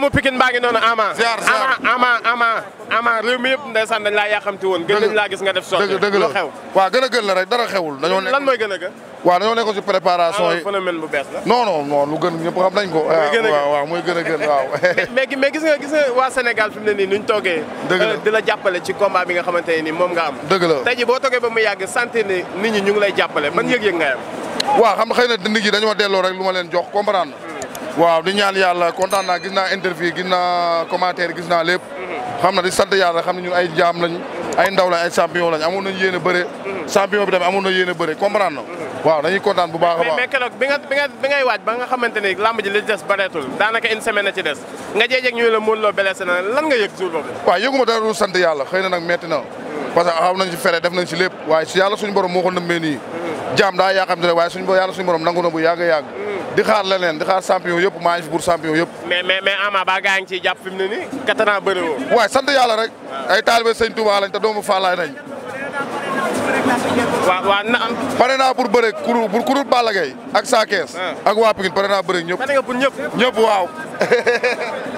doomu Pikine baa ngi noonu Ama. ziar ziar Ama Ama Ama réew mi yëpp ndeysaan dañ laa yàqamti woon. gën lañ laa gis nga def sotti dëgg dëgg la waaw gën a gën la rek dara xewul. dañoo nekk lan moy gën a gën. waaw dañoo nekkoon préparation ah, yi lu gën ñëpp xam nañ ko. Ah, waaw waaw mooy gën a waaw. mais mais gis nga gis nga waa Sénégal fi mu ne nii nuñ toogee. dëgg la euh, di la jàppale ci combat bi nga xamante ne nii moom nga am. dëgg la tey jii boo toogee ba mu yàgg sentir ni nit ñi ñu ngi lay jàppale man yëg-yëg nga am. waaw xam nga xëy na nit delloo rek lu ma leen jox comprendre waaw di ñaan yàlla kontaan naa gis naa interview gis naa commentaire gis naa lépp. xam na di sant yàlla xam ne ñun ay jaam lañ. ay ndaw lañ ay champion lañ amoon nañu yéen a bëre. champion bi tamit amoon na yéen a bëre comprendre bu a baax. mais keroog bi ba nga xamante ni làmb ji li des bareetul daanaka une semaine la nga yëg sant yàlla xëy na nag metti na parce que xaw nañ ci fere def nañ ci lépp waaye si yàlla suñu borom moo ko nëmbee jaam daa yaa xam te ne waaye suñu borom nangu na bu yàgg yàgg di xaar leneen di xaar champion yëpp maa ngi fi pour champion yëpp. mais mais mais Ama Ba gaa ngi ciy jàpp fi mu ne nii kattanaa bëri woo. waaw sant yàlla rek. ay taalibe sëñ Touba lañ te doomu Fallaay nañ. pare naa pour bëre kuru pour kuru Balla ak Sa ah. ak waa Pikine pare naa bëre ñëpp. pare ñëpp. waaw.